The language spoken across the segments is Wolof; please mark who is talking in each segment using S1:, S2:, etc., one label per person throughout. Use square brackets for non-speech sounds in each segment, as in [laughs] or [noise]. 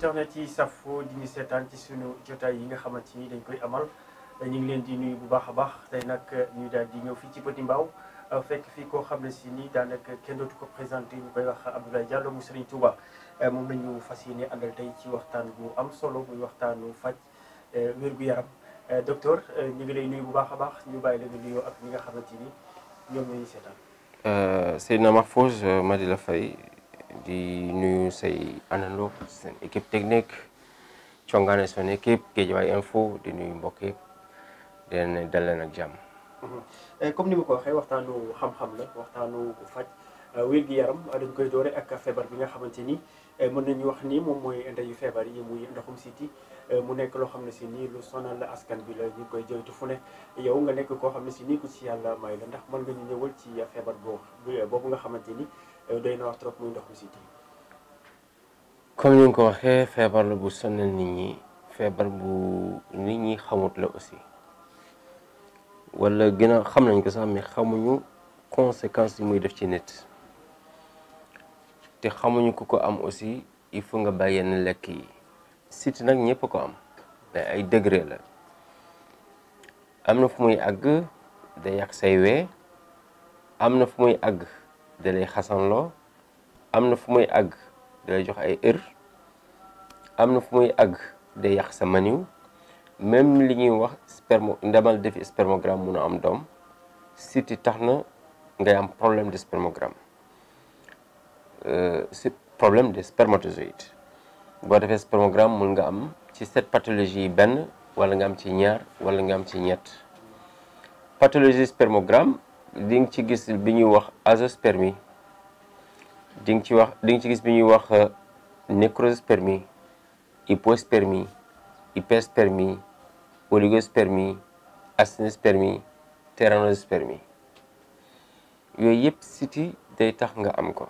S1: internet yi safo di ñu seetaan ci suñu jotaay yi nga xamante ni dañ koy amal ñu ngi leen di nuyu bu baax a baax tey nag ñu daal di ñëw fii ci Petit Mbao fekk fii koo xam ne si nii daanaka kenn dootu ko présenté ñu koy wax Abdoulaye Diallo mu Serigne Touba moom la ñu fas yéene àndal tey ci waxtaan bu am solo muy waxtaanu faj euh, wér-gu-yaram euh, docteur euh, ñu ngi lay nuyu bu baax a baax ñu bàyyi la nga nuyoo ak ñi nga xamante ni ñoom la ñuy
S2: seetaan. Seydina Mahfouz ma di la fay di nuyu say analo seen équipe technique congaane son équipe Guédiawaye info di nuyu mbokk yëpp di leen dal leen ak jàmm.
S1: Mhm. Eh, comme ni ma ko waxee waxtaanu xam-xam la waxtaanu faj euh, wér gi yaram dañ koy doore ak feebar bi nga xamante ni euh, mën nañu wax nii moom mooy ndeyu feebar yi muy ndoxum siti euh, mu nekk loo xam ne si nii lu sonal la askan bi la ñu koy joytu fu ne yow nga nekk koo xam ne si nii ku ci yàlla may la ndax mën nga ñu ñëwal ci feebar boobu nga xamante ni. doy na wax trop muy ndox mi si
S2: comme ni nga ko waxee feebar la bu sonal nit ñi feebar bu nit ñi xamut la aussi wala gën xam nañ ko sax mais xamuñu conséquences yi muy def ci nit te xamuñu ku ko am aussi il faut nga bàyyi yenn lekk yi siti nag ñëpp ko am mais ay degré la am na fu muy àgg day yàq say wee am na fu muy àgg da lay xasanloo am na fu muy àgg da lay jox ay ër am na fu muy àgg day yàq sa maniw même li ñuy wax spermo ndemal defi spermogramme mun a am doom siti tax na ngay am problème de spermogramme euh, c'est problème de spermatozoïde boo defee spermogramme mun nga am ci cette pathologie yi benn wala nga am ci ñaar wala nga am ci ñett pathologie spermogramme di nga ci gis bi ñuy wax azoospermie di nga ci wax di ci gis bi ñuy wax euh, nécrospermie hypospermie hyperspermie oligospermie asténospermie spermi yooyu yëpp siti day tax nga am ko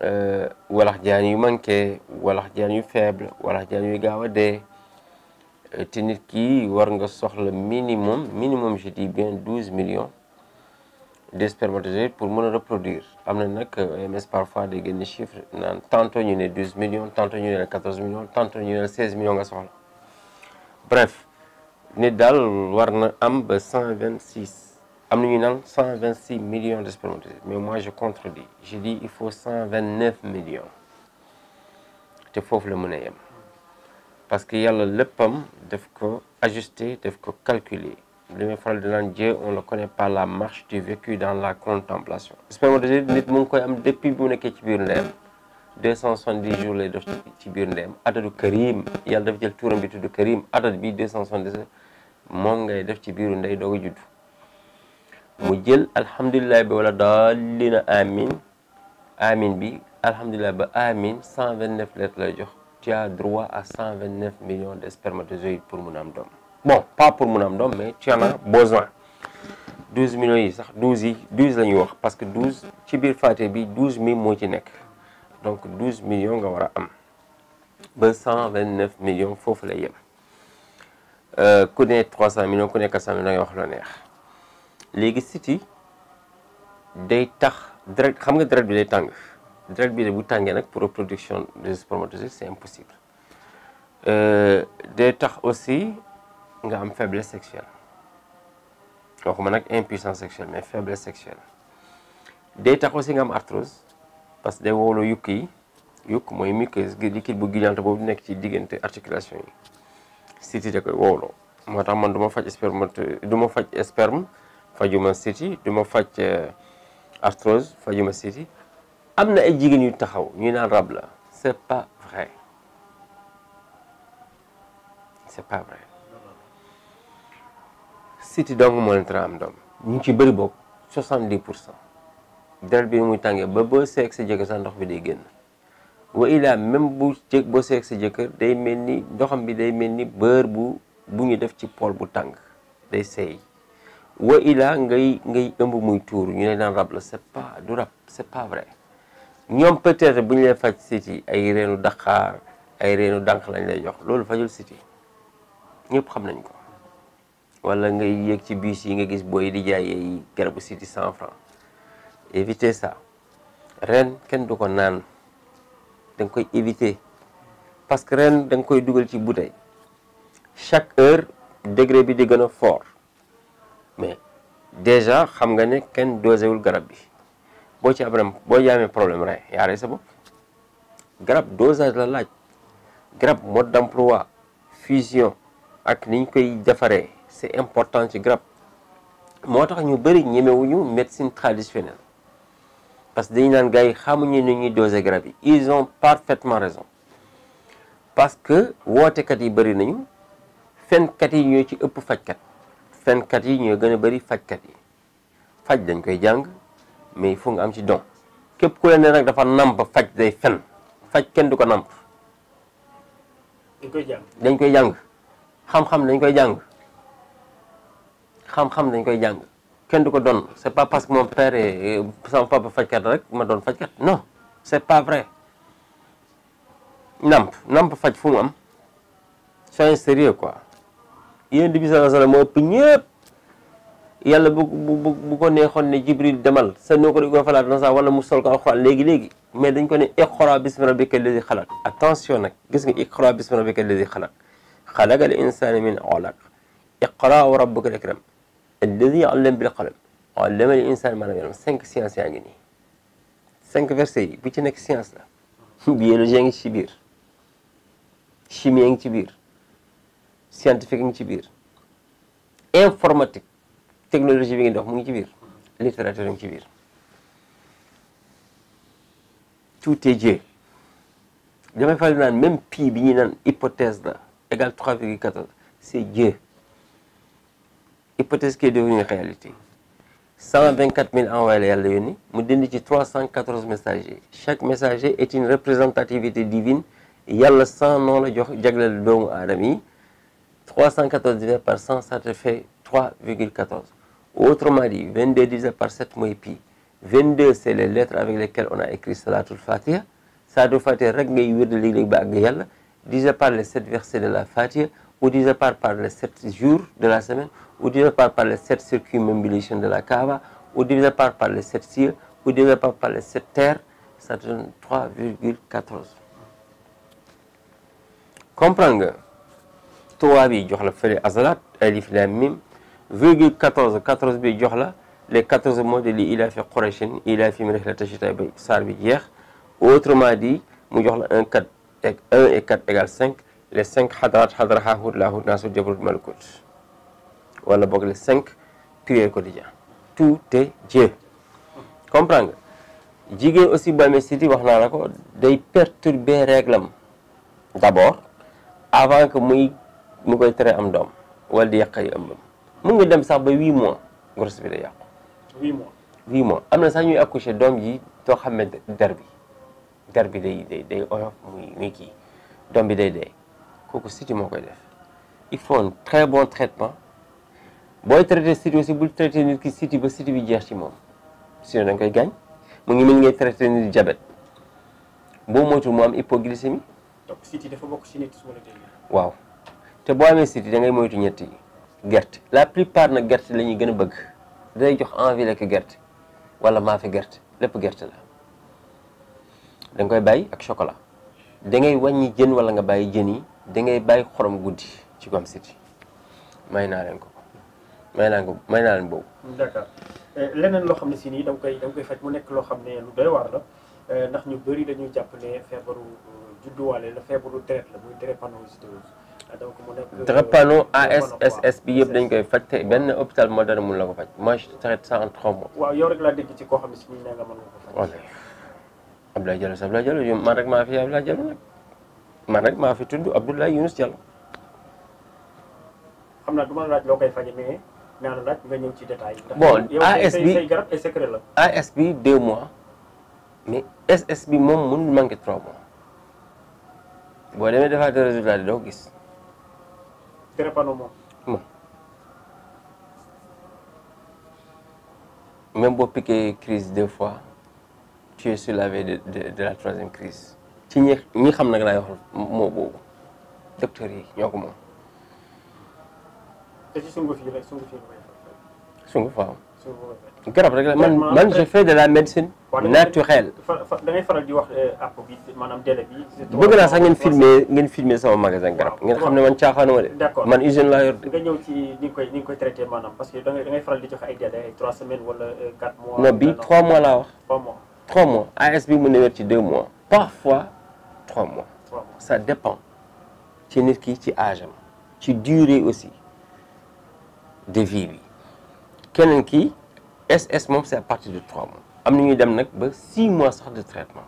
S2: euh, walax jaan yu manqué walax jaan yu faible walax jaan yu gaaw a dee euh, te nit ki war nga soxla minimum minimum je dis bien douze millions des spermatozoïdes pour mën a reproduire am na nag OMS euh, parfois day génne chiffre naan tantôt ñu ne 12 millions tantôt ñu ne la 14 millions tantôt ñu ne la 16 millions soxla bref nit daal war na am ba 126 am na ñu naan 126 millions de spermatozoïdes mais moi je contredis je di il faut 129 millions te foofu la mën a yem parce que yàlla léppam def ko ajuster def ko calculer. li may faral di naan Dieu on le connaît par la marche du vécu dans la contemplation. spermatozoïde nit mu ngi koy am depuis bu nekkee ci biir ndeyam deux jour lay def ci biir ndeyam atadu Karim yàlla dafa jël turam bi tudd Karim atad bi deux cent soixante-dix moom ngay def ci biiru ndey doo a judd mu jël alhamdulilah bi wala daalina amin amin bi alhamdulilah ba amin cent vingt neuf lay jox tu as droit à cent vingt neuf millions de spermatozoïdes pour mun am doom. bon pas pour mun a am doom mais tu en as besoin douze millions yi sax douze yi douze la ñuy wax parce que douze ci biir Fatiha bi douze mille moo ci nekk donc douze million nga war a am ba cent vingt neuf millions foofu lay yem euh, ku ne trois cent millions ku ne quatre cent millions da wax loo neex léegi siti day tax direct xam nga direct bi day tàng direct bi bu tàngee nag pour reproduction des spermatozoïdes c'est impossible euh, day tax aussi nga am faiblesse sexuelle waxuma nag impuissance sexuelle mais faiblesse sexuelle day tax aussi nga am arthrose parce que day wooloo yukk yi yukk mooy muqueuse liquide bu gluante boobu nekk ci diggante articulation yi siti da koy wooloo moo tax man du ma faj sperme du ma faj sperme fajuma siti du ma faj euh, arthrose fajuma siti am na ay jigéen yu taxaw ñu naan rab la c'est pas vrai c'est pas vrai siti dong moo leen tara am doom ñu ci bëri bokk soixante dix pour cent deret bi muy tàngee ba boo seeg sa jëkkër sa ndox bi day génn wa ilaa même bu jëg boo seeg sa jëkkër day mel ni ndoxam bi day mel ni beurre bu bu ñu def ci pool bu tàng day seey wa ilaa ngay ëmb muy tuur ñu ne daan rab la c'est pas du rab c'est pas vrai ñoom peut bu ñu leen faj siti ay reenu daqaar ay reenu dànq lañ lay jox loolu fajul siti ñëpp xam nañ ko wala ngay yéeg ci bus yi nga gis booy di jaayee garabu siti cent franc éviter ça ren kenn du ko naan da nga koy éviter parce que ren da nga koy dugal ci bouteille chaque heure degré bi di gën a fort mais déjà xam nga ne kenn dosewul garab bi boo ci am boo jaamee problème ren yaa rey sa bopp garab dosage la laaj garab mode d'emploi fusion ak niñ koy defaree c'est important ci garab moo tax ñu bëri ñemewuñu médecine traditionnelle parce que dañu naan gars yi xamuñu ni ñuy doser garab yi ils ont parfaitement raison parce que wootekat yi bëri nañu fenkat yi ñoo ci ëpp fajkat fenkat yi ñoo gën a bëri fajkat yi faj dañ koy jàng mais il faut nga am ci don képp ku leen ne nag dafa namp faj day fen faj kenn du ko namp dañ koy dañ koy jàng xam-xam dañ koy jàng xam-xam dañ koy jàng kenn du ko doon c'est pas parce que mon père et sama papa fajkat rek ma doon fajkat non c'est pas vrai namp namp faj fu mu am soyez sérieux quoi yéen di bi sa sala moo ëpp ñëpp yàlla bu bu bu ko neexoon ne jibril demal sa noo ko di ko falaat na sax wala mu sol ko alxuraan léegi-léegi mais dañ ko ne iqra bismi rabbika lazi xalaq attention nag gis nga iqra bismi rabbika lazi xalaq xalaqal insana min alaq iqra wa rabbuka al akram الذي علم بالقلم allama al insaan ma lam ya'lam cinq sciences yaa ngi nii cinq versets yi bu ci nekk science la [laughs] biologie ngi ci biir chimie ngi ci biir scientifique ngi ci biir informatique technologie bi ngi dox mu ngi ci biir littérature ngi ci biir tout est Dieu damay faral di naan même pi bi ñuy naan hypothèse la égale trois virgule quatorze c'est Dieu hypothèse qui est devenue une réalité 124 yalla envoyés la yàlla yónni mu dindi ci 314 messagers chaque messager est une représentativité divine yàlla 100 la jox jagleel doomu aadama yi 314 divisé par 100 ça te fait 3,14 autrement dit 22 par 7 mooy pi c'est les lettres avec lesquelles on a écrit salatul fatiha salatul fatiha rek ngay wér de léeg-léeg ba àgg yàlla divisé par les 7 versets de la fatiha ou d'une part par les sept jours de la semaine, ou d'une part par les sept circuits mobilisation de la Kaaba, ou d'une part par les sept cieux, ou d'une part par les sept terres, comprend nga tuwaa bi jox la fële azalaat alif lam mim virgule 14 14 bi jox la les 14 mois de li ilaafi Qurayshin ilaafihim rihlata shitaa'i ba saar bi jeex autrement dit mu jox la 1 4 1 et les cinq xadaraat xadara xaaxut laaxut naasut jabarut malakut wala boog le cinq prières quotidiennes tout est Dieu comprendre nga jigéen aussi bu amee siti wax naa la ko day perturber réglam d'abord avant que muy mu koy tere am doom wala di yàq ay ëmbam mu ngi dem sax ba huit mois grossesse bi day yàqu huit mois huit am na sax ñuy accoucher doom ji doo xam ne der bi der bi day day muy muy doom bi day dee kooku siti moo koy def il faut un très bon traitement booy traité siti bu bul traité nit ki siti ba siti bi jeex ci moom sinon da koy gaañ mu ngi mel ngay traité nit diabète boo moytuwul mu am hypoglycémie.
S1: donc siti dafa bokk ci nit su wala
S2: waaw te boo amee siti da ngay moytu ñett yi gerte la plupart na gerte lañuy gën a bëgg day jox envie lekk gerte wala maafe gerte lépp gerte la da koy bàyyi ak chocolat dangay wàññi jën wala nga bàyyi jën yi. da ngay bàyyi xorom guddi ci Gom City may naa leen ko may naa ko may naa leen boobu.
S1: d'accord eh, leneen loo xam ne si nii da koy da koy faj mu nekk loo xam ne lu doy waar la eh, ndax ñu bari dañuy jàpp ne feebaru judduwaale la feebaru deret la muy drépanocytose donc mu nekk. ASSS
S2: euh, bi yëpp dañ koy faj te benn hôpital moderne mun la ko faj moi je traite ça en trois mois. waaw
S1: yow rek laa dégg ci koo xam ne si nii nee nga mën nga
S2: ko faj. Abdoulaye Diallo Abdoulaye man rek maa fi Abdoulaye Diallo nag. man rek maa fi tudd Abdoulaye Younous Diallo.
S1: xam du ma laaj loo faje mais naa la laaj ci détail. bon AS bi say garab ay secret la.
S2: AS bi 2 mois mais SS bi moom mënul manqué 3 mois boo demee defaat résultat bi doo gis.
S1: drépano moom.
S2: de même boo piqué crise fois tu es la veille de de de la troisième crise. ci ñi ñi xam nag la wax moo boobu docteur yi ñoo ko moom.
S1: te ci sunguf yi rek sunguf yi
S2: sunguf waaw. garab rek la man man je fais de la médecine naturelle.
S1: da ngay faral di wax euh, app bi maanaam délai bi. bëgg naa sax ngeen filmer
S2: ngeen filmer sama magasin garab ngeen xam ne man caaxaanuma de. d'accord man usine laa yor de. nga
S1: ñëw ci ni nga koy ni nga koy traité maanaam parce que da ngay faral di joxe ay délai ay 3 semaines wala 4 euh, mois. non bii 3 laa wax. 3 mois
S2: 3 mu AS bi mën na wér ci 2 mois. parfois. trois mois ça dépend ci nit ki ci âge am ci durée aussi de vie bi keneen ki SS moom c'est à partir de trois mois am na ñuy dem nag ba six mois sax de traitement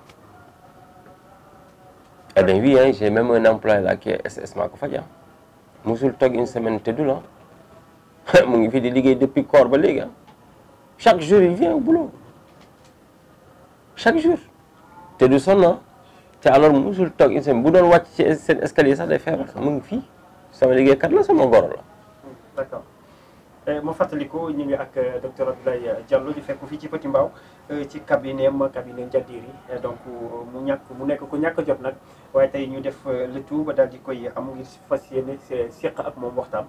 S2: eh bien oui hein, j'ai même un employé là qui SS maa ko faja musul toog une semaine te du la [laughs] mu ngi fi di liggéey depuis koor ba léegi chaque jour il vient au chaque jour te du sonn te alors musul toog une bu doon wàcc ci seen escalier sax day feebar mu ngi fii sama liggéeykat la sama goro la.
S1: d'accord eh, ma fàttaliku ñu ngi ak eh, docteur Abdoulaye Diallo di fekk fii ci Petit Mbao eh, ci cabinet ma cabinet Ndiadiri donc mu ñàkk mu nekk ku ñàkk jot nag waaye tey ñu def le tout ba daal di koy am ngir fas yéene seq ak moom waxtaan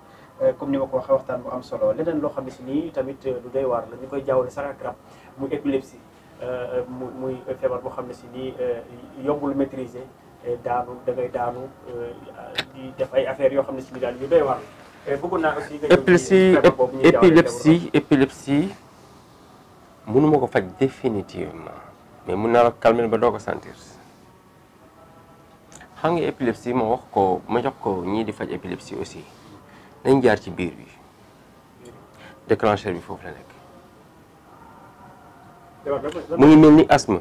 S1: comme ni ma ko waxee bu am solo leneen loo xam ne si nii tamit lu doy la ñu koy jaawale sax ak rab mu épilepsie. Euh, mu muy feebar boo xam ne si nii euh, yombul maîtriser daanu da ngay daanu euh, di def ay affaires yoo xam ne si nii daal yu doy waar. bëggoon naa aussi nga ñëw épilepsie
S2: épilepsie mënuma ko faj définitivement mais mun naa la calmer ba doo ko sentir. xam nga épilepsie moo wax ko ma jox ko ñii di faj épilepsie aussi dañ jaar ci biir bi déclencheur bi foofu la nekk. mu ngi mel ni asthme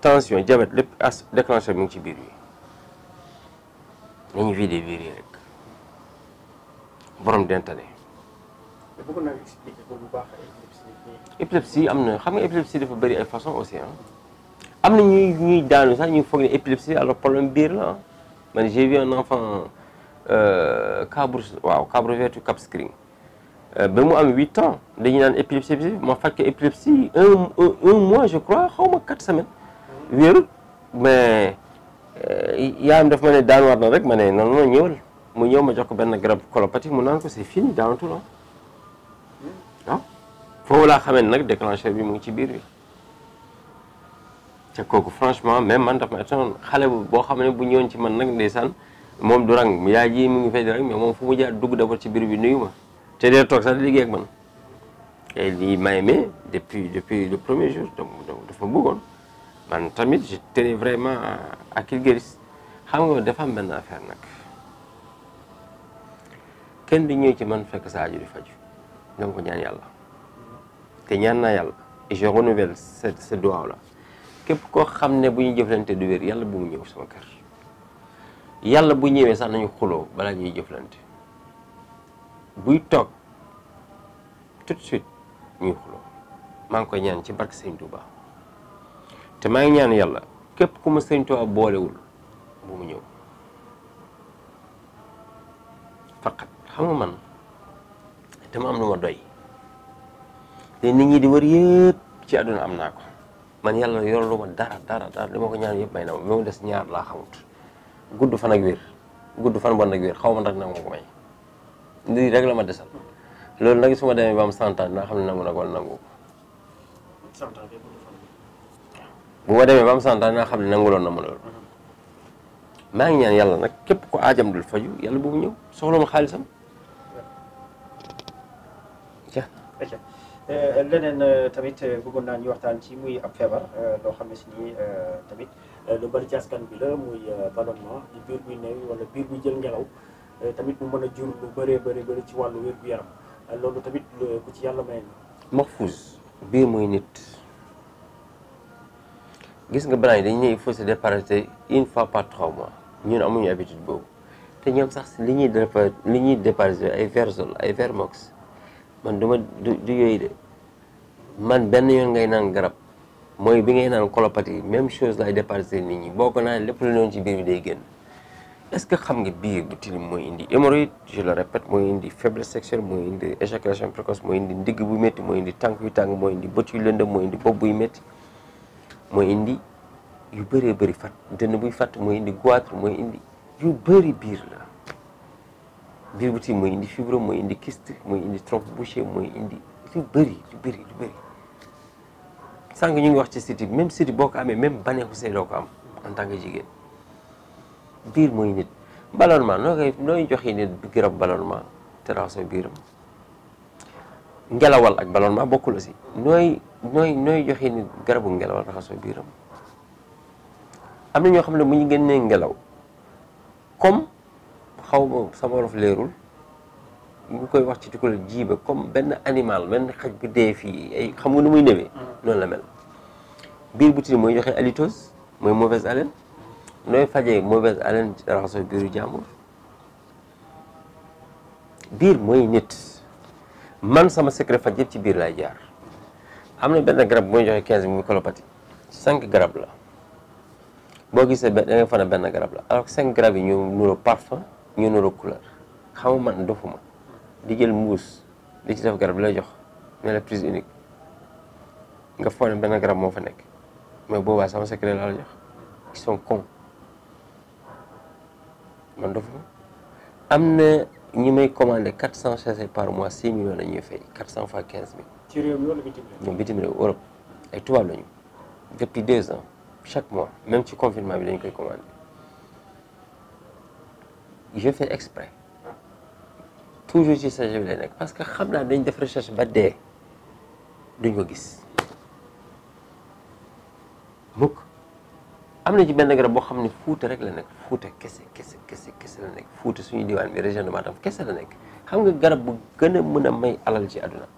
S2: tension diabète lépp mu ngi ci biir bi nañu vidé biir yi rek borom dentane. épilepsie am na xam nga épilepsie dafa bari ay façon aussi am na ñuy ñuy daanu sax ñu foog ne épilepsie alors problème biir la man j'ai vu un enfant euh, cabre waaw cabre vertu ba mu am huit ans dañu naan épilepsie bi ma fàkk épilepsie un un mois je crois xaw ma quatre semaines wéerut mais euh, yaayam daf ma ne daan war na rek ma ne non non mu ñëw ma jox ko benn garab colopathie mu naan ko c'est fini daawatul ah waaw ah. foofu laa xamee nag déclencheur bi mu ngi ci biir bi te kooku franchement même man daf ma étonné xale boo xam ne bu ñëwoon ci man nag ndeysaan moom du rang yaay ji mu ngi fay di moom fu mu jaar dugg d'abord ci biir bi nuyu ma te dee toog sa di liggéey ak man et lii m'a aimé depuis depuis le premier jour donc dafa bëggoon man tamit te tenais vraiment à qu'il guérisse xam nga dafa am benn affaire nag kenn di ñëw ci man fekk saa aju di faju danga ko ñaan yàlla te ñaan naa yàlla je renouvelle ce ce duwaaw la képp koo xam ne bu ñu jëflante du wér yalla bu mu ñëw sama kër yàlla bu ñëwee sax nañu xuloo balaa ñuy jëflante buy toog tout de suite ñuy xuloo maa ngi koy ñaan ci barke sëñ Touba te maa ngi ñaan yàlla képp ku ma sëñ boolewul bu mu ñëw faqat xam nga man dama am lu ma doy te nit ñi di wër yëpp ci àdduna am naa ko man yàlla yorlu ma dara dara dara li ma ko ñaan yëpp may na ma des ñaar laa xamut gudd fan ak wér gudd fan bon ak wér xaw ma nag na ma ko may lii rek la ma desal loolu nag su ma demee ba am cent ans xam ne nangu nag wala nangu bu ma demee ba am cent ans xam ne nanguloon na ma loolu maa ngi ñaan yàlla nag képp ko aajam dul faju yàlla bu mu ñëw soxla xaalisam
S1: eh, leneen eh, tamit eh, bëggoon naa ñu waxtaan ci muy ab feebar loo xam ne si nii tamit lu bari ci askan bi la muy ballonnement di biir buy néew wala biir buy jël ngelaw Euh, tamit mu mën a jur lu bëree bëri bëri ci wàllu wér-gu-yaram euh, loolu tamit ku ci yàlla may na
S2: Mahfouz biir muy nit gis nga balaa yi dañu ne il faut se déparasiter une fois par trois ñun amuñu habitude boobu te ñoom sax li ñuy defar li ñuy déparasiter ay Versol ay Vermox man du ma du yooyu de man benn yoon ngay naan garab mooy bi ngay naan colopathie même chose lay déparasiter nit ñi boo ko naan lépp lu noonu ci biir bi day génn est-ce que xam nga biir bu tilim mooy indi hémorroïde je le répète mooy indi faiblesse sexuelle mooy indi éjaculation précoce mooy indi ndigg bu métti mooy indi tànk yu tàng mooy indi bët yu lëndëm mooy indi bopp buy métti mooy indi yu bëree bëri fat dënn buy fàtt mooy indi goitre mooy indi yu bëri biir la biir bu tilim mooy indi fibrome mooy indi kyste mooy indi trompe bouchée mooy indi yu bëri yu bëri yu bëri sànq ñu ngi wax ci siti même siti boo ko amee même baneexu say doo ko am en tant que jigéen biir mooy nit ballonnement noo koy nooy joxe nit garab ballonnement terrasse biiram ngelawal ak ballonnement bokkul aussi nooy nooy nooy joxe nit garabu ngelawal raxasoo am na ñoo xam ne bu ñu génnee ngelaw comme xaw ma sama wolof leerul ñu koy wax ci jiiba comme benn animal benn xaj bu dee fii ay xam nu muy newee mm. noonu la mel biir bu tini mooy joxe halitose mooy mauvaise haleine nooy fajee mauvaise haleine raxasoo biiru jàmbur biir mooy nit man sama secret faj yëpp ci biir laay jaar am na benn garab bu joxe quinze muy colopathie cinq garab la boo gisee benn da nga benn garab la alors cinq garab yi ñu nuroo parfum ñu nuroo couleur xamu man dofuma di jël mbuus di ci def garab lay jox ne la prise unique nga foog ne benn garab moo fa nekk mais boobaa sama secret laa la man dofuma am na ñi may commandé quatre cent chassés par mois six millions la ñuy fay quatre cent fois quinze mille.
S1: ci réew mi wala bitim
S2: réew. ñoom bitim Europe ay tubaab lañu depuis deux ans chaque mois même ci confinement bi dañ koy commandé je fais exprès toujours ci sachet bi lay nekk parce que xam naa dañ def recherche ba dee duñ ko gis am na ci benn garab boo xam ne fuuta rek la nekk fuuta kese kese kese kese la nekk fuuta suñu diwaan bi région de Matam kese la nekk xam nga garab bu gën a mën a may alal ci àdduna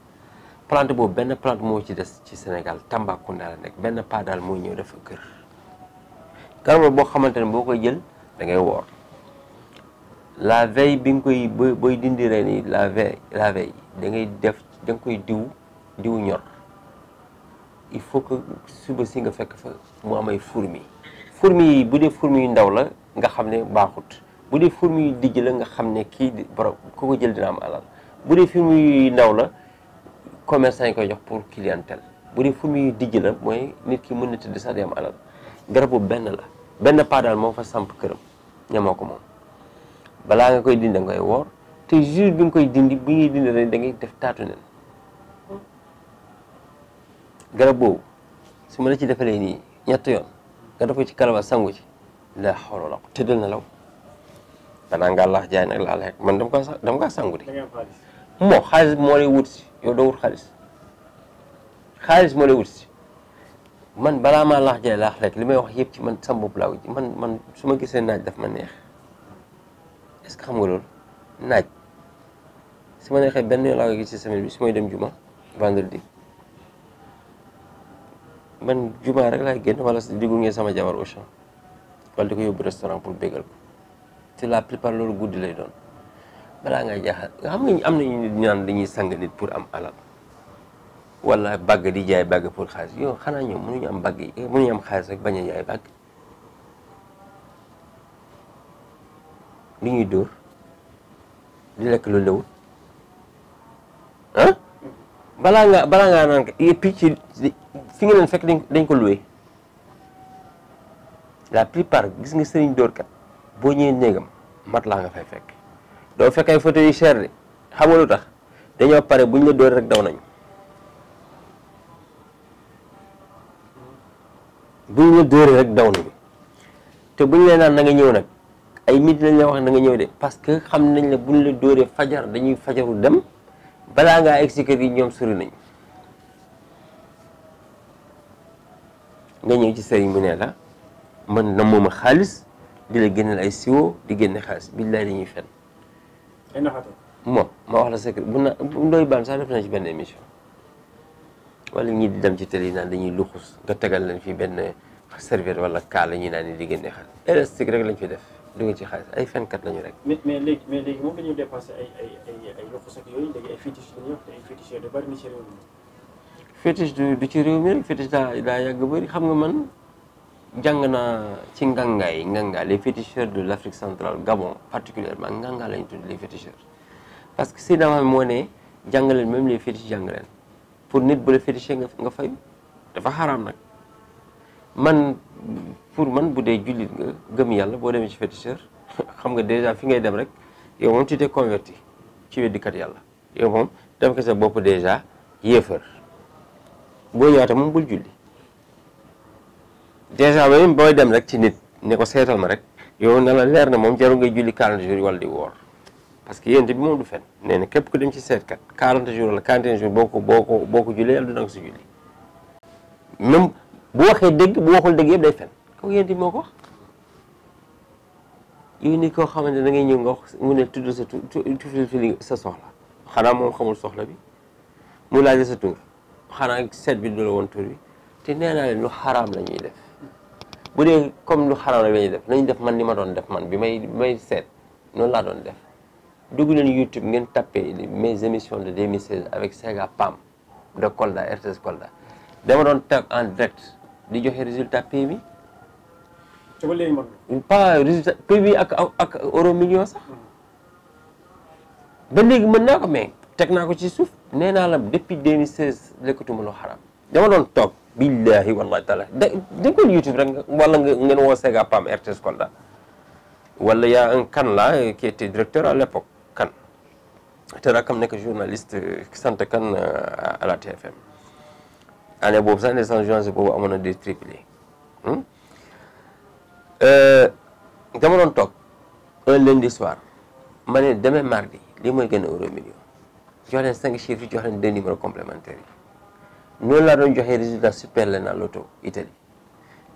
S2: plante boobu benn plante moo ci des ci Sénégal Tambacounda la nekk benn pas daal mooy ñëw dafa kër garab la boo xamante ne boo koy jël da ngay woor la veille bi nga koy b booy dindi reen yi la veille la da ngay def da nga koy diw diw ñor il faut que suba si nga fekk fa mu amay fourmi fourmi yi bu dee fourmi yu ndaw la nga xam ne baaxut bu dee fourmi yu dijj la nga xam ne kii borom ku ko jël dina am alal bu dee fourmi yu ndaw la commerçant yi koy jox pour clientèle bu dee fourmi yu dijj la mooy nit ki mën na tëdd sax di am alal benn la benn paadaal moo fa samp këram ñamoo ko moom balaa nga koy dindi koy woor te jour bi nga koy dindi bi da ngay def taatu nen garab boobu su ma la ci defalee nii ñett yoon nga def ko ci kalaba sangu ci la xawla wala ko tëddal na law danaa nga laax jaay nag laa la man dama kaa dama kaa sangu de moo xaalis moo lay wut si yow doo wut xaalis xaalis moo lay wut si man balaa maa laax jaay laax lekk li may wax yëpp ci man sama bopp laa man man su ma gisee naaj daf ma neex est-ce que xam nga loolu naaj su ma neexee benn yoon laa ko gis ci semaine bi su may dem juma vendredi man juma rek laay génn wala di gunge sama jabar au champ wala di ko yóbbu restaurant pour bégal ko te la plupart loolu guddi lay doon balaa ngay jaaxal nga xam nga am nañu nit ñaan dañuy sang nit pour am alal wala bagg di jaay bagg pour xaalis yow xanaa ñoom ñu am bagg yi mënuñu am xaalis rek bañ a jaay bagg li ñuy dóor di lekk lu lewut ah balaa nga balaa ngaa naan et puis ci fi nga leen fekk dañ ko loué la plupart gis nga sëriñ dóorkat boo ñëwee néegam mat laa nga fay fekk doo fekk ay photo yu cher de xam nga tax dañoo pare bu ñu la daw nañu bu ñu la dóoree rek daw nañu te bu ñu leen naan na nga ñëw nag ay nit lañ la wax na nga ñëw de parce que xam nañ ne bu ñu la dóoree fajar dañuy fajaru dem balaa ngaa egg si kër gi ñoom sori nañ nga ñëw ci sëriñ mu ne la man na moom a xaalis di la génneel ay siwo di génne xaalis billaay dañuy fen moom ma wax la secret bu na ndooy baam sax def na ci benn émission wala ñi dem ci télé yi naan dañuy luxus nga tegal leen fi benn serviette wala kaa la ñuy naan ni di génne xaalis élastique rek lañ fi def dugal ci xaalis ay fenkat lañu rek.
S1: la ñuy dépensé ay ay ay ay luxus ak
S2: fétiche du du ci réew mi rek fétiche daa yàgg bëri xam nga man jàng naa ci ngangaay yi nganga féticheurs de l' Afrique centrale Gabon particulièrement nganga lañ tudd les féticheurs parce que Seydina Mohamed moo ne jàng leen même les fétiches jàng leen pour nit bu la fétiche nga nga fay dafa xaraam nag man pour man bu dee jullit nga gëm yàlla boo demee ci féticheur [laughs] xam nga déjà fi ngay dem rek yow moom tu converti ci weddikat yàlla yow moom dem boo ñaata moom bul julli dèjà même booy dem rek ci nit ne ko seetal ma rek yow na la leer na moom jarul ngay julli 40 jours yi wala di woor parce que yéen bi moom du fen nee na képp ku dem ci seet kat jours wala 41 jours boo ko boo ko boo ko jullee yàlla du nangu si julli même bu waxee dëgg bu waxul dëgg yëpp day fen kooku yéen bi moo ko wax yow ni ko xamante da ngay ñëw nga wax mu ne tudd sa tu tudd sa soxla xanaa moom xamul soxla bi mu laaj sa tur. xanaa seet bi du la woon tur bi te nee naa lu xaraam la ñuy def bu dee comme lu xaraam la ñuy def nañ def man ni ma doon def man bi may bi may seet noonu laa doon def dugg nu YouTube ngeen tapé mes émissions de 2016 avec Sega Pam de Kolda RTS Kolda dama doon tag en direct di joxe résultat pays bi. te ba pas résultat pays bi ak ak euro million sax. Mm. ba léegi mën naa ko mais. teg naa ko ci suuf nee naa la depuis 2016 lekkatuma lu xaraam dama doon toog billahi wallahi taala da déggul YouTube rek wala nga ngeen woo Sega Pam RTS Kolda wala yaa kan la qui directeur à l'époque kan te rakam nekk journaliste euh, sant kan euh, à la TFM année boobu san naissance journaliste boobu amoon na des triplés hmm? euh, dama doon toog un lundi ma ne demain mardi lii mooy gën a euro million jox leen cinq chiffres yi jox leen deux numéros complémentaires yi noonu laa doon joxee résultat super la loto Italie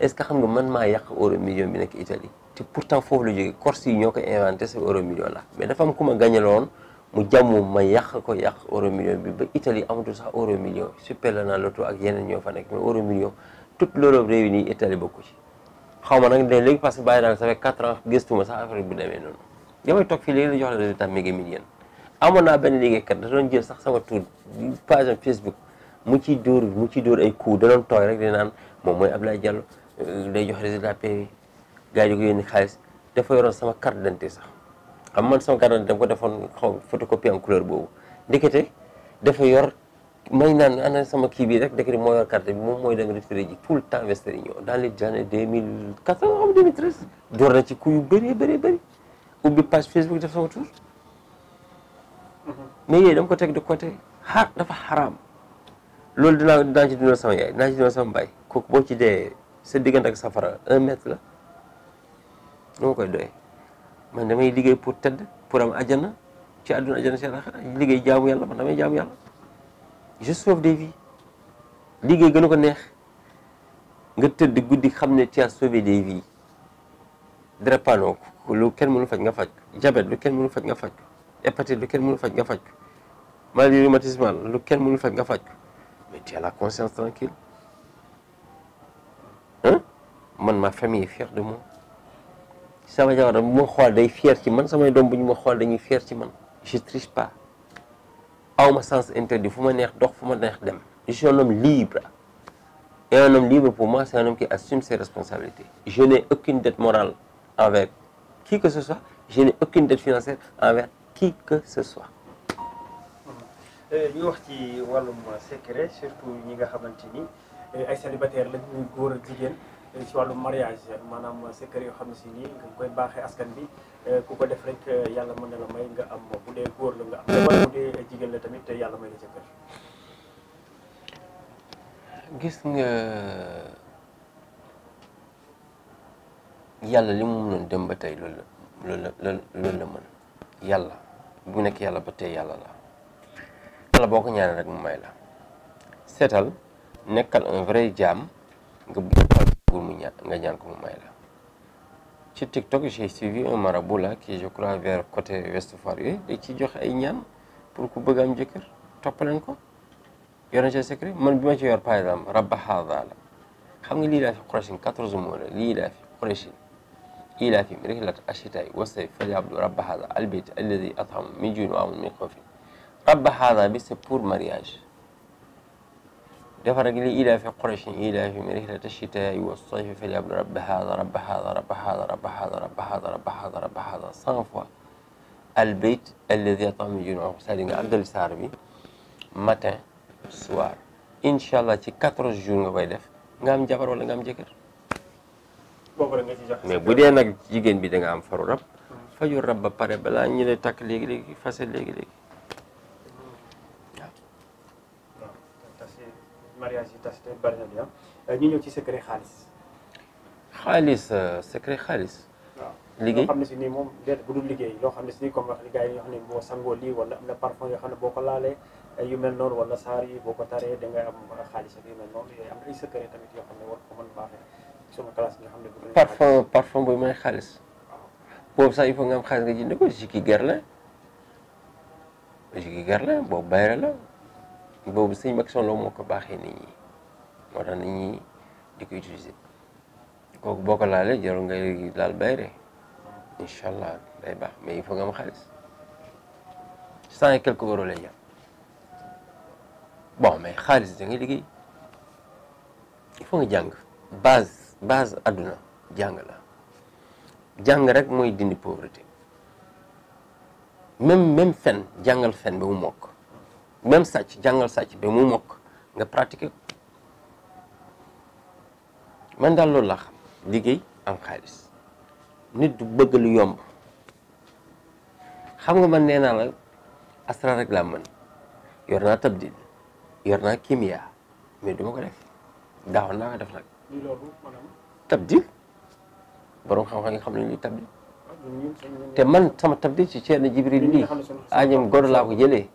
S2: est-ce que xam nga man maa yàq euro million bi nekk Italie te pourtant foofu la jógee Corse yi ñoo ko inventé sa euro million la mais dafa am ku ma gañaloon mu jàmm ma yàq ko yàq euro million bi ba Italie amatul sax euro million super la loto ak yeneen ñoo fa nekk mais euro million toute l'Europe réunie Italie bokku ci xaw ma nag léegi parce que bàyyi naa ko ça fait quatre ans gëstu ma sax affaire bu demee noonu damay toog fii léegi la jox la résultat méga million amoon naa benn liggéeykat da doon jël sax sama tur page Facebook mu ciy dóor mu ciy dóor ay coups da doon tooy rek di naan moom mooy Ablaye Diallo euh, day jox résultat paier gars yi ko yónni xaalis dafa yoroon sama carte d'identité sax xam man sama carte d'identité ko defoon xaw photocopie en couleur boobu dafa yor may naan ana sama kii bii rek ndekete moo yor carte bi moom mooy da nga retiré ji tout le temps investir ñëw dans les années 2014 xam 2013 door na ci coups yu bëree bëri bëri ubbi page Facebook def sama tur mais yooyu dama ko teg de côté xaar dafa xaraam loolu dina dinaa ci dundal sama yaay dinaa ci dundal sama baay kooku boo ci dee sa diggante ak safara un mètre la nu ma koy doyee man damay liggéey pour tedd pour am ajana ci àdduna ajana seen liggéey jaamu yàlla man damay jaamu yàlla je sauve des vies liggéey gënu ko neex nga tëdd guddi xam ne tu as sauvé des vies drépano lu kenn mënu faj nga faj jabet lu kenn mënu faj nga faj hépatite lu kenn mënul faj nga faj ko maladie rhumatismale lu kenn mënul faj nga faj ko mais tu as la conscience tranquille man ma famille est fière de moi sama jabar bu ma xool day fier ci man samay doom bu ñu ma xool dañuy fier ci man je triche pas aw ma sens interdit fu ma neex dox fu ma neex dem je suis un homme libre et un homme libre pour moi c'est un homme qui assume ses responsabilités je n'ai aucune dette morale envers qui que ce soit je n'ai aucune dette financière qui que ce soit.
S1: Euh, ñu wax ci wàllum secret surtout ñi nga xamante ni euh, ay célibataire lañ góor ak jigéen euh, ci wàllum mariage maanaam secret yoo xam ne si nii nga koy baaxee askan bi ku ko def rek yàlla mën na la may nga am bu dee góor la nga am bu dee jigéen la tamit yàlla may la ca kër.
S2: gis nga yàlla li mu mënoon dem ba tey loolu la loolu la loolu la mën yàlla. bu nekk yàlla ba tey yàlla la yàlla boo ko ñaanee rek mu may la seetal nekkal un vrai jaam nga buur mu ñaan nga ñaan ko mu may la ci TikTok j'ai suivi un marabout là qui je crois vers côté Ouest Foire yooyu da ci joxe ay ñaan pour ku bëgg am jëkkër toppaleen ko yor na ci secret man bi ma ci yor par exemple rabba haada la xam nga lii laa fi Quraysh quatorze mois la lii laa fi Quraysh إيلافهم رحلة الشتاء والصيف فليعبدوا رب هذا البيت الذي أطعمهم من جوع وآمنهم من خوف رب هذا bi c'est pour mariage dafa rek li إيلاف قريش إيلافهم رحلة الشتاء والصيف فليعبدوا رب هذا رب هذا رب هذا رب هذا رب هذا رب هذا رب هذا cent fois البيت الذي أطعمهم من جوع c'est-à-dire nga àggali saar bi matin soir incha allah ci quatorze jours nga koy def nga am jabar wala nga am jëkkër boobu rek nga ci joxe mais bu dee nag jigéen bi danga am faru rab faju rab ba pare balaa ñu lay takk léegi léegi fase léegi léegi
S1: waaw waaw yi tas bari na ah. ñu ñëw ci secret xaalis
S2: xaalis euh, secret xaalis
S1: liggéey loo xam ne si nii moom déet bu dul liggéey loo xam ne si nii comme wax li gars yi ñoo xam ne boo sangoo yoo xam ne boo ko laalee yu mel noonu wala saar boo ko taree da ngay am xaalis ak yu mel noonu yooyu am na secret tamit yoo xam ne war ko mën baaxee sama classe nga xam ne
S2: parfum parfum may xaalis boobu sax il faut nga am xaalis nga jënd ko Jiki Gerlin Jiki Gerlin boobu bayre la boobu sëñ Macky Sall moo ko baaxee nit ñi moo tax nit ñi di ko utiliser boo ko laalee jarul ngay laal bayre incha allah day baax nga am xaalis cent et quelques euros lay jar bon mais xaalis da ngay liggéey il faut nga jàng base. base àdduna jàng la jàng rek mooy dindi pauvreté même fen jàngal fen ba mu mokk même sàcc jàngal sàcc ba mu mokk nga pratiquer ko man daal loolu laa xam liggéey am xaalis nit du bëgg lu yomb xam nga man nee naa la asra rek laa mën yor naa tabdil yor naa kimia mais du ko def daaw naa ko def nag tabdil borom xam-xam yi xam nañ li tabdil te man sama tabdil ci Ceerno Jibril bii añam gor laa ko jëlee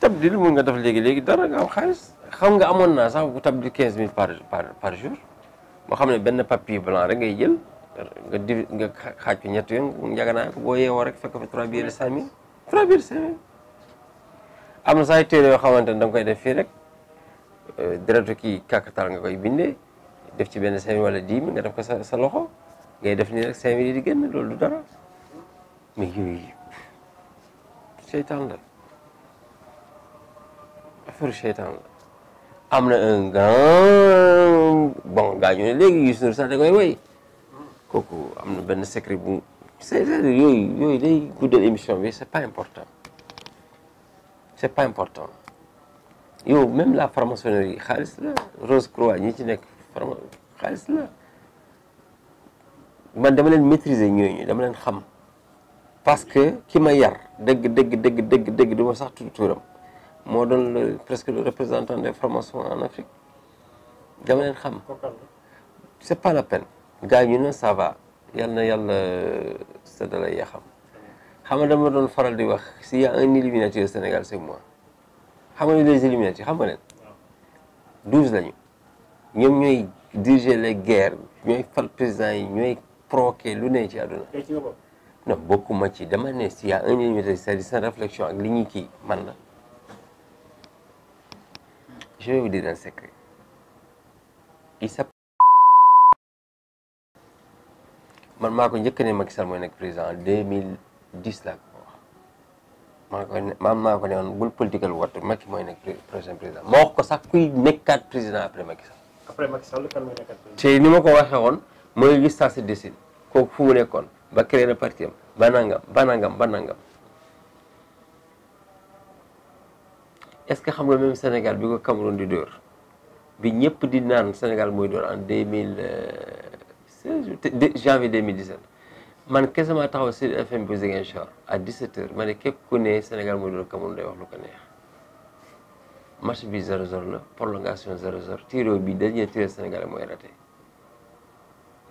S2: tabdil mun nga def léegi-léegi dara nga am xam nga amoon naa sax bu tabdil quinze mille par jour moo xam ne benn papier blanc rek ngay jël nga di ko ñett yoon njaganaa ko boo yeewoo rek fekk fi trois billets de cinq mille trois billets de cinq mille am na sax ay téere yoo xamante ne da nga koy def fii rek deretu kii kàkkatar nga koy bindee def ci benn cinq mille wala dix nga def ko sa sa loxo ngay def nii rek cinq yi di génn loolu du dara mais yooyu seytaan la affaire seytaan la am na un gaa ñu léegi Youssou Ndour sax da koy woy kooku am na benn secret bu c'est-à-dire yooyu yooyu émission bi c'est pas important c'est pas important yow même la franc-maçonnerie xaalis la Rose Croix ñi ci nekk franc man dama leen maîtriser ñooñu dama leen xam parce que ki ma yar dëgg dëgg dëgg dëgg dëgg du ma sax tudd moo doon le presque le représentant des francs-maçons en Afrique dama leen xam c'est pas la peine gars ñu ne ça va yal na yàlla euh, sa dalay ya xam dama doon faral di wax si y a un illuminateur Sénégal c'est moi xam nga les Illuminati xam nga leen douze lañu ñoom ñooy diriger les guerres ñooy fal président yi ñooy provoquer lu ne ci àdduna non bokkuma ci dama ne s'il y a un Illuminati c'est-à-dire seen réflexion ak li ñuy kii man la je vais vous dire un man maa ko njëkk ne Macky Sall mooy nekk président deux mille dix la maa koy ne maa ko ne woon bul political wat Macky mooy nekk prochain président ma ko sax kuy nekkaat président après Macky Sall. te ni ma ko waxee woon mooy gis saa si kooku fu mu nekkoon ba créé na parti am ba nangam ba nangam ba nangam est ce que xam nga même bi ko di dóor bi ñëpp di naan Sénégal mooy dóor en deux mille euh, seize janvier deux mille man kese maa taxaw Sud FM bu Ziguinchor à 17h ma ne képp ku ne Sénégal mooy doon Cameroun day wax lu ko neex match bi 0-0 la prolongation 0-0 tiro bi dernier tiré Sénégal mooy raté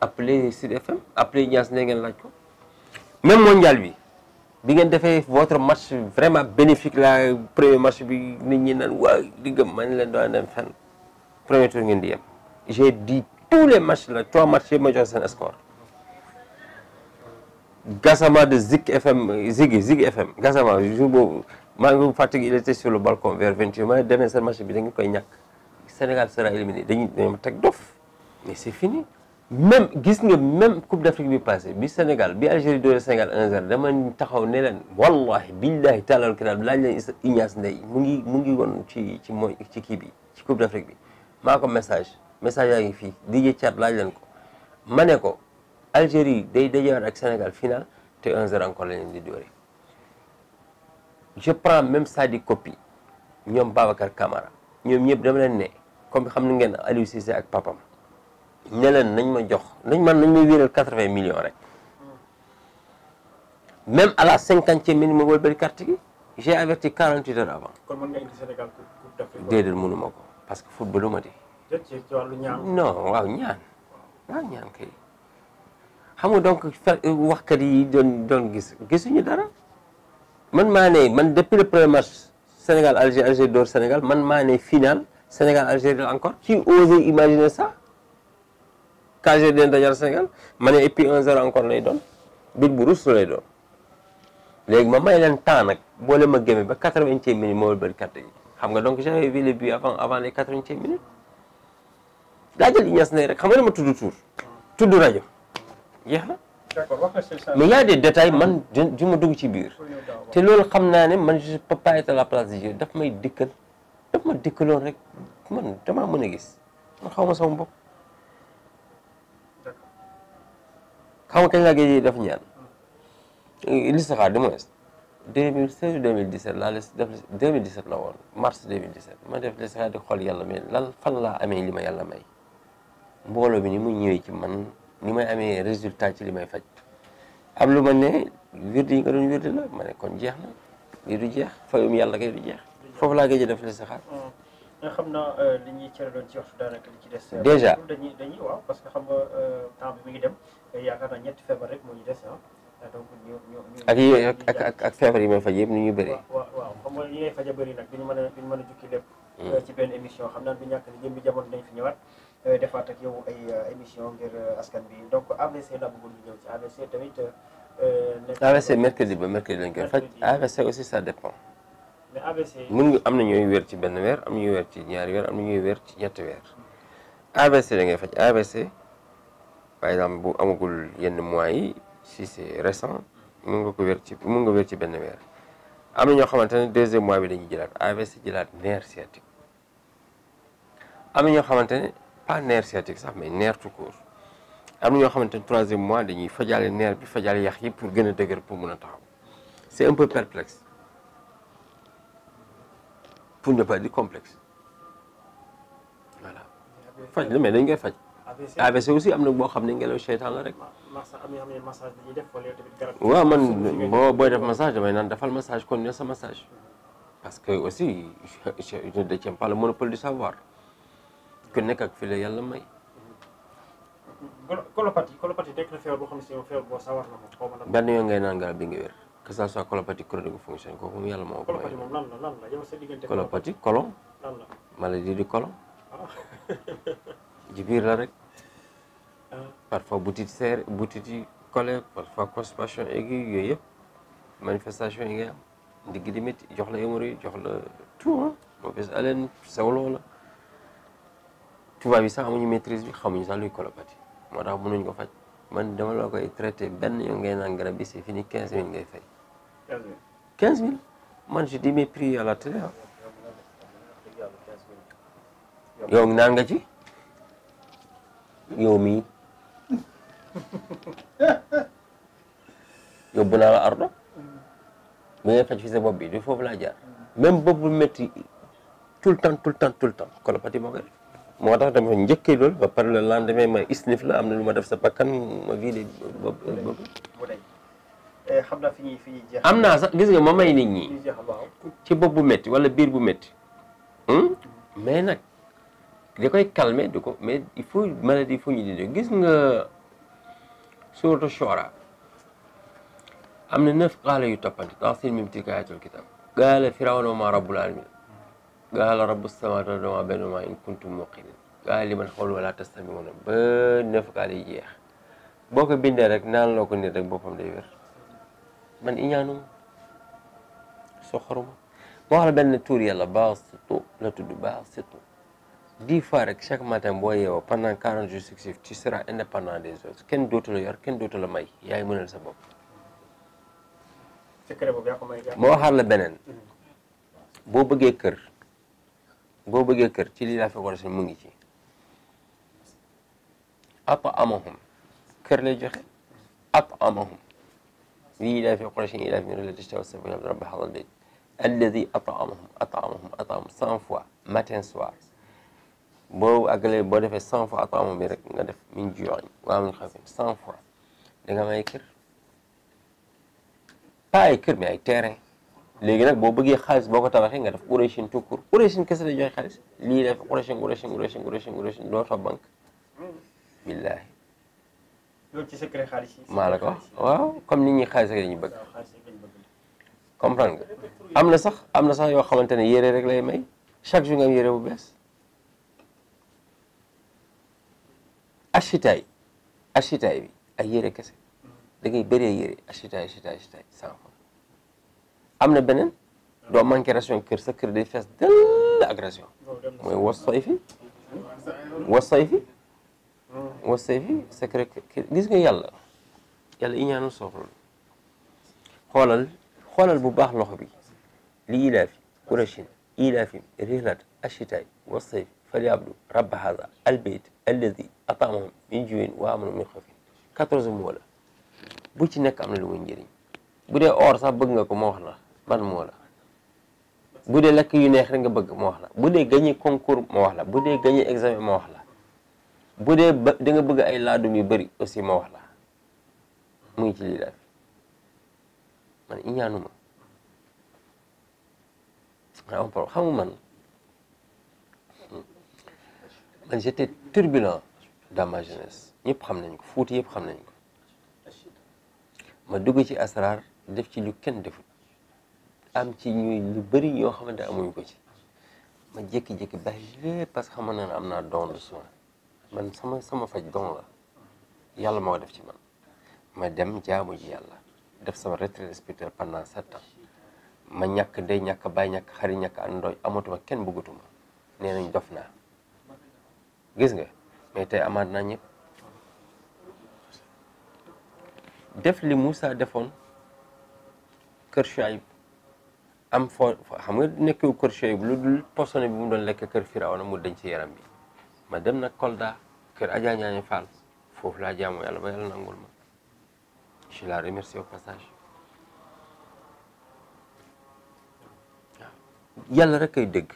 S2: appelez Sud FM appelez Niass ne ngeen laaj ko. même mondial bi bi ngeen defee votre match vraiment bénéfique la premier match bi nit ñi naan waaw di gëm man leen doon dem fenn premier tour ngeen di yem j'ai di tous les matchs la trois matchs yëpp ma jox seen Gassama de Zik FM Ziggy Zig FM Gassama jour boobu maa ngi fàttali il était sur le balcon vers 28 mai demee seen match bi da ngeen koy ñàkk Sénégal sera éliminé dañuy dañoo teg dof mais c'est fini même gis nga même Coupe d'Afrique bi passé bi Sénégal bi Algérie doole Sénégal 1-0 dama taxaw ne leen wallahi billahi taalal kiraam laaj leen Ignace Ndeye mu ngi mu ngi won ci ci mooy ci kii bi ci Coupe d'Afrique bi maa ko message message yaa ngi fii DJ Thiat laaj leen ko ma ne ko. Algérie day dajewaat ak Sénégal final te 1-0 encore la di dóore je prends même di Kopi ñoom Babacar Camara ñoom ñëpp dama leen ne comme xam na ngeen Aliou Cissé ak papam ne leen nañ ma jox nañ man nañ ma wéeral 80 millions rek même a la cinquantième minute ma wëlbati carte gi j'ai averti 48 heures avant. kon mën nga ko parce que footballu ma de. ci wàllu ñaan. non waaw ñaan waaw ñaan kay. xam nga donc waxkat yi doon gis gisuñu dara man maa ne man depuis le premier match Sénégal Algérie Algérie door Sénégal man maa ne finale Sénégal Algérie encore qui osait imaginer ça qu'Algérie dina dajal Sénégal ma ne et puis encore lay doon bit bu rus lay doon léegi ma may leen temps nag boole ma gémme ba quatre-vingtième minute ma wër bëri carte yi xam nga donc j'avais vu le but avant avant les quatre-vingtième minute daa jël Ignace Ndeye rek xam nga dama tudd tur tudd rajo. jeex na
S1: mais y a des détails man
S2: du ma dugg ci biir te loolu xam naa ne man je peux pas la place de Dieu daf may dikkal daf rek man damaa mën a gis man xaw ma sama bopp xaw ma kañ laa gëj def ñaan hmm. listixaar du moins 2016 2017 laa les def 2017 la woon mars 2017 ma def listixaar di xool yàlla mais lan fan laa amee li ma yàlla may mbooloo bi ni mu ñëwee ci man ni may amee résultat ci li may faj am lu ma ne wirdi yi nga doon wirdi la ma ne kon jeex na lii du jeex fayum yàlla kay du jeex foofu laa gëj a def listixaar
S1: nga mm. xam na euh, li ñuy cëraloon ci waxtu daanaka li ci des euh, déjà euh, feebar rek moo ñu des ah donc ñu ñu ak yooyu
S2: ak ak ak feebar yi may faj yëpp ni ñu bëree
S1: waaw xam nga li ngay faj a bëri nag duñu mën a duñu mën a jukki lépp mm. ci benn émission xam naa du ñàkk ni jëm bi jamono dañ fi ñëwaat Euh, defaat ak yow ay euh, émission ngir euh,
S2: ba mercredi lañ koy faj AVC aussi ça dépend.
S1: mais mun nga
S2: am na ñooy wér ci benn weer am na ñuy wér ci ñaari weer am na wér ci ñetti weer. AVC da ngay faj AVC par exemple bu amagul yenn mois yi si c'est récent mun nga ko wér ci benn weer. am na ñoo xamante ne deuxième mois bi dañuy jëlaat AVC jëlaat nerf sciatique am na ñoo xamante pas nerf sciatique sax mais nerf tout am na xamante ne troisième mois dañuy fajaale nerf bi fajaale yax yi pour gën a dëgër pour mun a taxaw c'est un peu perplexe pour ne pas dire complexe voilà. la mais dañ koy faj. AVC aussi am na boo xam ne ngelaw seytaan la rek.
S1: waaw man boo
S2: booy def massage damay naan defal massage kon ne sa massage parce que aussi je ne détiens pas le monopole du savoir. ku nekk ak fi la yàlla may. colopathie colopathie nekk na bi nga wér que soit colopathie chronique ou fonctionnelle kooku moom yàlla moo ko may. colopathie moom lan la lan ah. [laughs] rek. Ah. parfois butit serre butit yi parfois constipation aiguë yooyu yëpp manifestation yi ngay di métti jox la hémorroïde jox la tout ah tubaab yi sax amuñu maîtrise bi xamuñu sax luy colopathie moo tax mënuñ ko faj man dama koy traité benn yoon ngay naan garab bi c'est fini 15000 ngay fay. 15000 man je dis mes prix à la nga ci yow mii [laughs] yóbbu naa la ardo bi ngay faj fi sa bopp bi du foofu laa jaar même bopp bu métti tout le temps tout le temps moo koy moo tax dama njëkkee lool ba pare le lendemain ma isnif la am na lu ma def sa bakkan ma vidé ba
S1: eh, xam naa fi ñuy sax gis ma may
S2: ci bopp bu métti wala biir bu métti hmm? mais nag da koy calmer du ko mais il faut maladie il faut gis nga suratu Shura am na neuf xaala yu toppante dans seen mim tilka ayatul kitab qaala firawna ma rabbul alamin qaala rabbu samaawaati wal ardi wa maa in kuntum muuqinin qaala liman hawlahu alaa tastami'uuna ba neuf kaal yi jeex boo ko bindee rek naan look ko nit rek boppam day wér man iñaanuma soxoruma ma wax la benn tuur yàlla baasitu la tudd baasitu dix fois rek chaque matin boo yeewoo pendant quarante jours successifs tu seras indépendant des autres kenn dootu la yor kenn dootu la may yaay mënal sa bopp bëggee kër boo bëggee kër ci lii laa fekkoon mu ngi ci at amahum kër lay joxe at amahum لإيلاف قريش إيلاف من رحلة الشتاء والسفينة رب هذا البيت الذي أطعمهم أطعمهم أطعمهم 100 fois matin soir boo àggalee boo defee 100 fois at'amahum bi rek nga def min juu'in wa min xawfin 100 fois da nga am ay kër pas ay kër mais ay terrain léegi nag boo bëggee xaalis boo ko tabaxee nga def Quraysh tout court Quraysh kese la joxe xaalis lii def Quraysh Quraysh Quraysh Quraysh Quraysh doo toog banque billaahi
S1: loolu ci secret xaalis yi maa la ko wax waaw
S2: comme nit ñi xaalis rek la ñu bëgg comprendre nga am na sax am na sax yoo xamante ne yére rek lay may chaque jour nga am yére bu bees achitaay achitaay bi ay yére kese da ngay bëree yére achitaay achitaay achitaay sans am na beneen doo manqué ration kër sa kër day fees dell ak ration mooy wasayfi wasayfi wasayfi sa gis nga yàlla i ñaanul soxla xoolal bu baax loxo bi li ilaafi qurashin ilaafim rihlat ashitaay wasayfi falyabdu rabba hada albayt alladi atamahum min juwin wa min xofin quatorze mois la bu ci nekk am na lu muy bu dee or sax bëgg nga ko ma wax la man moo la bu dee lakk yu neex rek nga bëgg ma wax la bu dee gagné concours ma wax la bu dee gagné examen ma wax la bu dee ba bëgg ay laadum yu bari aussi ma wax la mu ngi ci lii man iñaanuma ah on xamu turbulent dans ma jeunesse ñëpp xam nañ ko fuuti yëpp xam nañ ko ma dugg ci asrar def ci lu kenn defut am ci ñuy lu bari yoo xamante amuñu ko ci ma jékki-jékki bàyyi lépp parce que xamoon naa ne am naa don de soin man sama sama faj don yàlla moo def ci man ma dem jaamu ji yàlla def sama retraite spirituelle pendant sept ma ñàkk ndey ñàkk baay ñàkk xarit ñàkk àndooy amatuma kenn bëggatuma nee nañ dof naa gis nga mais tey amaat naa ñëpp def li Moussa defoon kër Shuaïb am foo xam nga nekkul kër Chouaïb lu dul posone bi mu doon lekk kër Firawna mu denc yaram bi ma dem na Kolda kër Adja Ñaañe Fall foofu laa jaamu yàlla ba yàlla nangul ma je la remercie au passage yàlla rek kay dëgg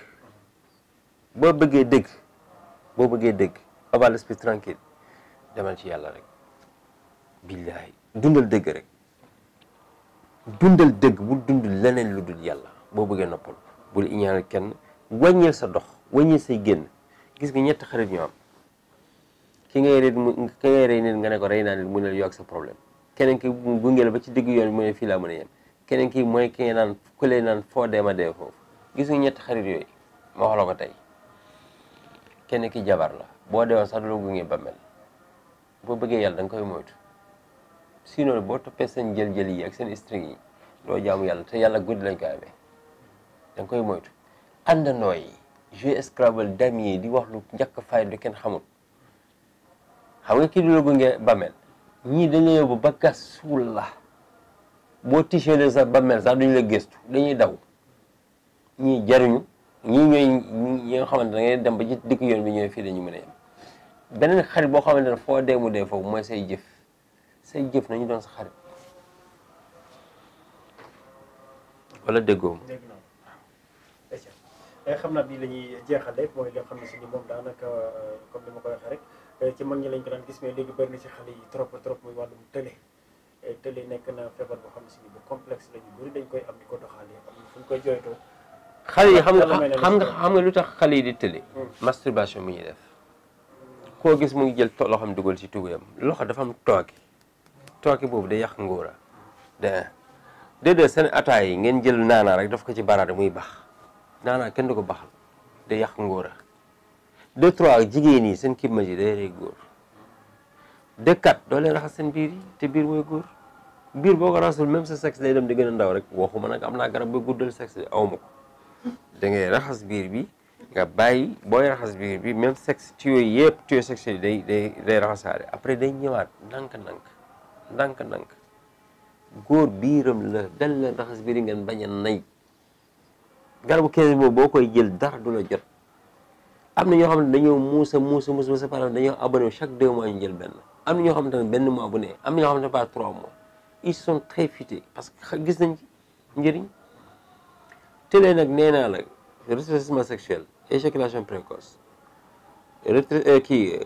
S2: boo bëggee dëgg boo bëggee dëgg avoir l'esprit tranquille demal ci yàlla rek billahi dundal dëgg rek dundal dëgg bu dund leneen lu dul yàlla boo bëggee noppal bul iñaanal kenn wàññil sa dox wàññil say génn gis nga ñetti xarit ñoo am ki ngay rey ki nit nga ne ko rey naa nit mu ne yow ak sa problème keneen ki gunge la ba ci dëgg yoon mu fii laa mën a yem keneen ki mooy naan ku lay naan foo dee ma gis ñetti xarit yooyu ma wax ko tey kenn ki jabar la boo deewoon sax du la ba mel boo bëggee yàlla da nga koy moytu sinon boo toppee seen jël-jël yi ak seen string yi doo jaamu yàlla te yàlla guddi lañ ko amee da koy moytu àndandoo yi jouer scrabble damier di wax lu njëkk fay du kenn xamul xam nga kii du la gunge bamel ñii dañ la yóbbu ba gas suul la boo tichelee sax bamel sax duñu la gëstu dañuy daw ñii jaruñu ñii ñooy ñi nga xamante da ngay dem ba ci dikk yoon bi ñooy fii dañu mën a yem beneen xarit boo xamante ne foo dee mu dee foofu mooy say jëf say jëf nañu doon sa xarit wala déggoo ma
S1: eh, xam naa bii la ñuy jeexale mooy li nga xam ne si ni moom daanaka euh, comme ni ma ko waxee euh, ci mag ñi lañ ko gis mais léegi bëri na ci xale yi trop trop muy wàllum télé eh, télé nekk naa feebar boo xam ne si ni bu complexe la ñu bëri dañ koy am di ko doxalee am na fu ñu koy jooytoo.
S2: xale yi xam nga xam nga xam nga lu tax xale yi di télé. Hmm. masturbation mi ñuy def. koo gis mu ngi jël loo loxoom dugal ci tuguyam loxo dafa am tooke. tooke boobu day yàq ngóora de un déedéet seen yi ngeen jël naanaa rek daf ko ci baraade muy bax naanaa kenn du ko baxal day yàq ngóora de trois jigéen yi seen kibma ji day rey góor doo leen raxas seen biir yi te biir mooy góor biir boo ko raxasul même sa sexe day dem da gën a ndaw rek waxuma nag am naa garab ba guddal sexe bi awma ko da ngay raxas biir bi nga bàyyi booy raxas biir bi même sexe tuyaux yëpp tuyaux sexuels yi day day day raxasaale après day ñëwaat ndànk-ndànk ndànk-ndànk góor biiram la dal leen raxas biir ngeen bañ a nay garabu keneen boobu boo koy jël dara du la jot am na ñoo xam ne dañoo muusa muusa muusa sa par dañoo abonné chaque deux mois ñu jël benn am na ñoo xam ne benn mois bu am na ñoo xam ne par trois mois ils sont très parce que gis nañ ci njëriñ nag nee naa la rétrécissement sexuel éjaculation précoce retraite euh, kii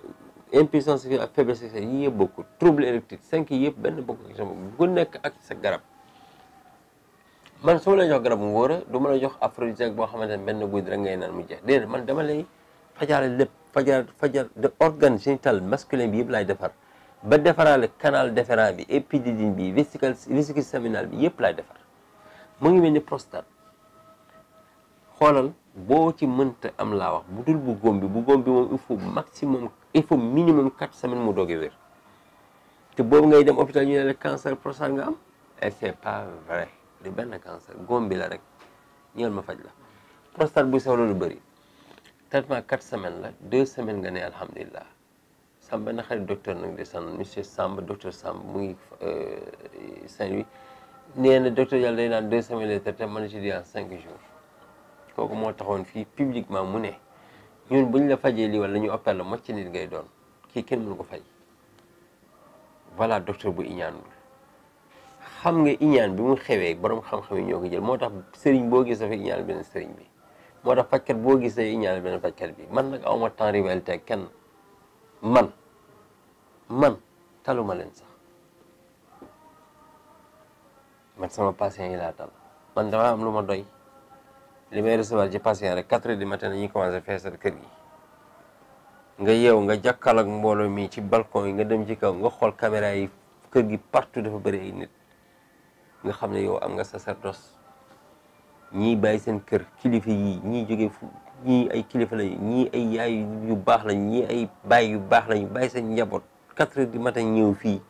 S2: impuissance fébrile ak faiblesse sexuelle yi yëpp trouble érectile cinq yi benn bokk bu nekk ak sa garab man su ma la jox garab mu wóor a du ma la jox aphrodisiaque boo xamante ne benn guddi rek ngay naan mu jeex déedéet man dama lay fajaale lépp fajar fajar de organe masculin bi yëpp laay defar ba defaraale canal déférent bi épididyme bi vésicule vésicule séminale bi yëpp laay defar mu ngi mel ni prostate xoolal boo ci mënta am laa wax bu dul bu góom bu góom moom il faut maximum il faut minimum quatre semaines mu doog a wér te boobu ngay dem hôpital ñu ne la cancer prostate nga am et c'est pas vrai du benn cancer góom bi la rek ñëwal ma faj la prostate bu sew la lu bëri traitement quatre semaine la deux semaines nga ne alhamdulilah sama benn xarit docteur nag de san monsieur Samb docteur Samb mu ngi euh, Saint-Louis nee yàlla day naan deux semaines de traitement man je cinq jours kooku moo taxoon fii publiquement mu ne ñun bu ñu la fajee lii wala ñu opérer la mocc nit ngay doon kii kenn mënu ko faj voilà docteur bu iñaanul xam nga iñaan bi mu xewee borom xam-xam yi ñoo ko jël moo tax sëriñ boo gis dafay iñaanal benn sëriñ bi moo tax fajkat boo gis day iñaanal benn fajkat bi man nag awma temps rivalité ak kenn man man taluma leen sax man sama patient yi laa tal man dama am lu ma doy li may recevoir ci patient rek quatre heures du matin dañuy commencé feesal kër gi nga yeew nga jàkkal ak mbooloo mi ci balcon yi nga dem ci kaw nga xool caméra yi kër gi partout dafa bëri ay nit nga xam ne yow am nga sacerdoce ñii bàyyi seen kër kilifa yi ñii jóge fu ñii ay kilifa lañu ñii ay yaay yu baax lañ ñi ay baay yu baax lañu bàyyi seen njaboot quatre heures du matin ñëw fii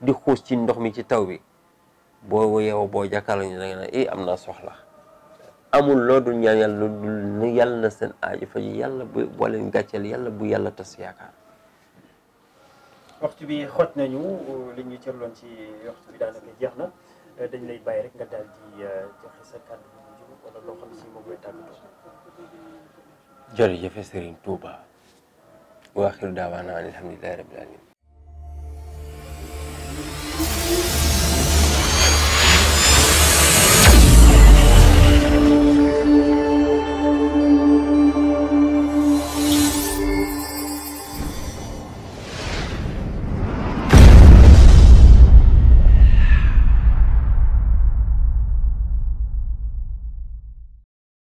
S2: di xuus ci ndox mi ci taw bi boo yeewoo boo jàkkaarloo ñu da ne eh am naa soxla amul loo dul ñaan yàlla dul yàlla seen aajo fa yàlla bu booleen gàcceel yàlla bu yàlla tas yaakaar
S1: waxtu bi xot nañu li ñu cërloon ci waxtu bi daanaka jeex na dañ lay bàyyi rek nga daal di euh, joxe sa kàddu bu mujj wala loo xam si moom mooy tàggatoo
S2: jërëjëf Serigne Touba wa axiru daawaana alhamdulillahi rabbil alamin